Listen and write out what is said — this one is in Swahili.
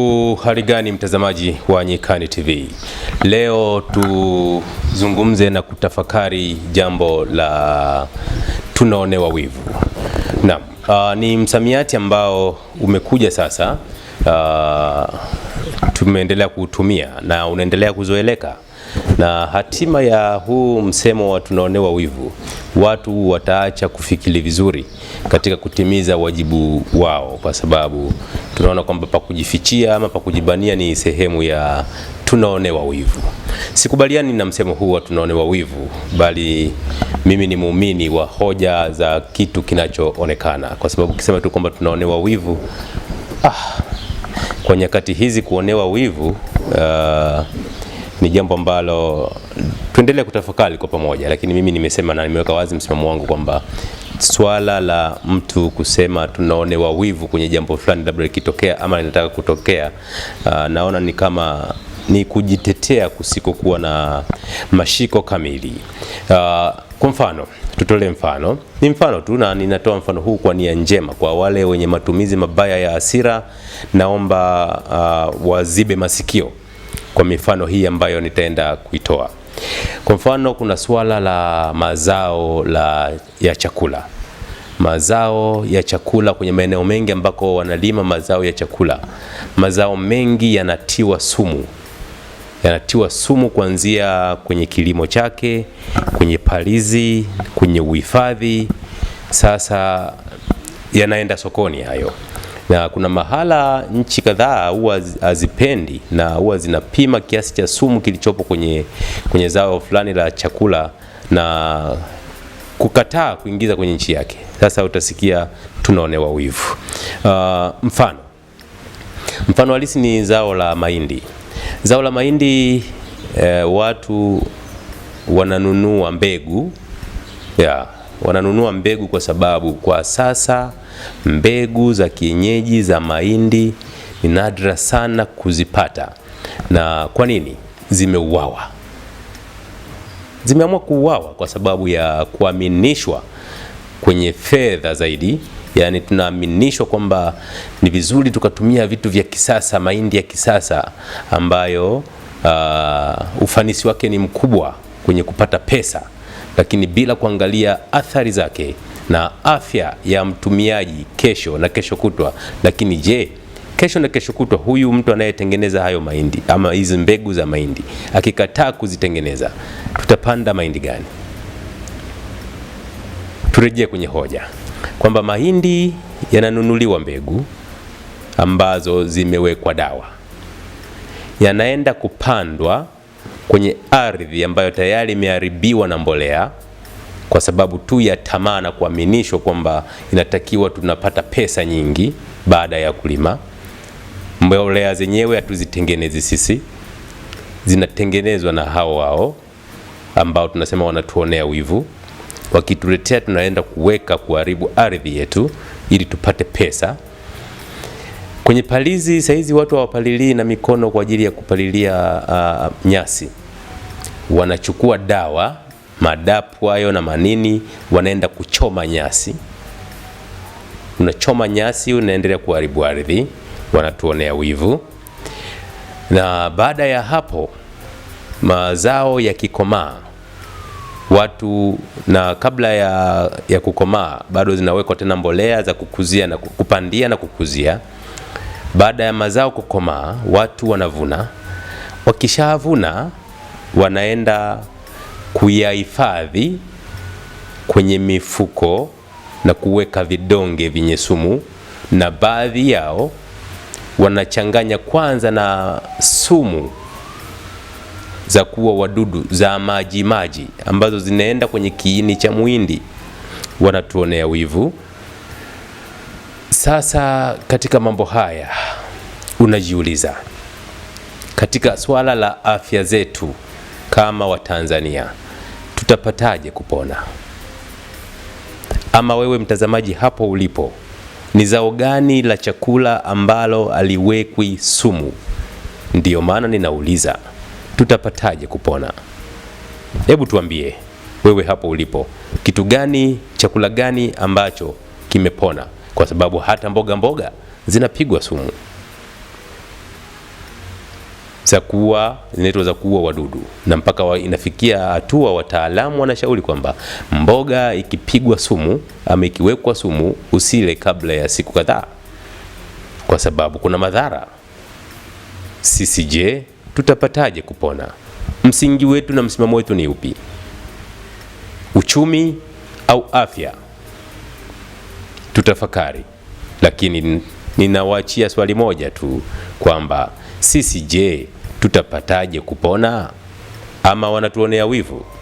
Uhali gani mtazamaji wa Nyikani TV, leo tuzungumze na kutafakari jambo la tunaonewa wivu. Naam, uh, ni msamiati ambao umekuja sasa, uh, tumeendelea kuutumia na unaendelea kuzoeleka na hatima ya huu msemo wa tunaonewa wivu, watu wataacha kufikiri vizuri katika kutimiza wajibu wao, kwa sababu tunaona kwamba pa kujifichia ama pa kujibania ni sehemu ya tunaonewa wivu. Sikubaliani na msemo huu wa tunaonewa wivu, bali mimi ni muumini wa hoja za kitu kinachoonekana, kwa sababu ukisema tu kwamba tunaonewa wivu, ah, kwa nyakati hizi kuonewa wivu uh, ni jambo ambalo tuendelee kutafakari kwa pamoja, lakini mimi nimesema na nimeweka wazi msimamo wangu kwamba swala la mtu kusema tunaonewa wivu kwenye jambo fulani labda likitokea ama linataka kutokea, uh, naona ni kama ni kujitetea kusikokuwa na mashiko kamili. Uh, kwa mfano tutolee mfano, ni mfano tu na ninatoa mfano huu kwa nia njema. Kwa wale wenye matumizi mabaya ya hasira, naomba uh, wazibe masikio kwa mifano hii ambayo nitaenda kuitoa. Kwa mfano, kuna suala la mazao la, ya chakula mazao ya chakula kwenye maeneo mengi ambako wanalima mazao ya chakula, mazao mengi yanatiwa sumu, yanatiwa sumu kuanzia kwenye kilimo chake, kwenye palizi, kwenye uhifadhi. Sasa yanaenda sokoni hayo na kuna mahala nchi kadhaa huwa hazipendi na huwa zinapima kiasi cha sumu kilichopo kwenye, kwenye zao fulani la chakula na kukataa kuingiza kwenye nchi yake. Sasa utasikia tunaonewa wivu. Uh, mfano mfano halisi ni zao la mahindi. Zao la mahindi eh, watu wananunua mbegu yeah wananunua mbegu kwa sababu kwa sasa mbegu za kienyeji za mahindi ni nadra sana kuzipata. Na kwa nini? Zimeuawa, zimeamua kuuawa kwa sababu ya kuaminishwa kwenye fedha zaidi. Yaani tunaaminishwa kwamba ni vizuri tukatumia vitu vya kisasa, mahindi ya kisasa ambayo uh, ufanisi wake ni mkubwa kwenye kupata pesa lakini bila kuangalia athari zake na afya ya mtumiaji kesho na kesho kutwa. Lakini je, kesho na kesho kutwa huyu mtu anayetengeneza hayo mahindi ama hizi mbegu za mahindi akikataa kuzitengeneza, tutapanda mahindi gani? Turejee kwenye hoja kwamba mahindi yananunuliwa mbegu ambazo zimewekwa dawa, yanaenda kupandwa kwenye ardhi ambayo tayari imeharibiwa na mbolea kwa sababu tu ya tamaa na kuaminishwa kwamba inatakiwa tunapata pesa nyingi baada ya kulima. Mbolea zenyewe hatuzitengenezi sisi, zinatengenezwa na hao wao ambao tunasema wanatuonea wivu, wakituletea tunaenda kuweka kuharibu ardhi yetu ili tupate pesa. Kwenye palizi saizi watu hawapalilii na mikono kwa ajili ya kupalilia uh, nyasi, wanachukua dawa madapu hayo na manini, wanaenda kuchoma nyasi. Unachoma nyasi, unaendelea kuharibu ardhi, wanatuonea wivu. Na baada ya hapo mazao yakikomaa watu na kabla ya, ya kukomaa bado zinawekwa tena mbolea za kukuzia na kupandia na kukuzia baada ya mazao kukomaa, watu wanavuna. Wakishavuna wanaenda kuyahifadhi kwenye mifuko na kuweka vidonge vyenye sumu, na baadhi yao wanachanganya kwanza na sumu za kuua wadudu za maji maji ambazo zinaenda kwenye kiini cha muhindi. Wanatuonea wivu. Sasa katika mambo haya unajiuliza, katika swala la afya zetu kama Watanzania tutapataje kupona? Ama wewe mtazamaji hapo ulipo, ni zao gani la chakula ambalo aliwekwi sumu? Ndiyo maana ninauliza tutapataje kupona? Hebu tuambie wewe hapo ulipo, kitu gani, chakula gani ambacho kimepona? kwa sababu hata mboga mboga zinapigwa sumu za kuua zinaitwa za kuua wadudu, na mpaka wa inafikia hatua wataalamu wanashauri kwamba mboga ikipigwa sumu ama ikiwekwa sumu usile kabla ya siku kadhaa, kwa sababu kuna madhara. Sisi je, tutapataje kupona? Msingi wetu na msimamo wetu ni upi? Uchumi au afya? tutafakari, lakini ninawaachia swali moja tu kwamba sisi je, tutapataje kupona ama wanatuonea wivu?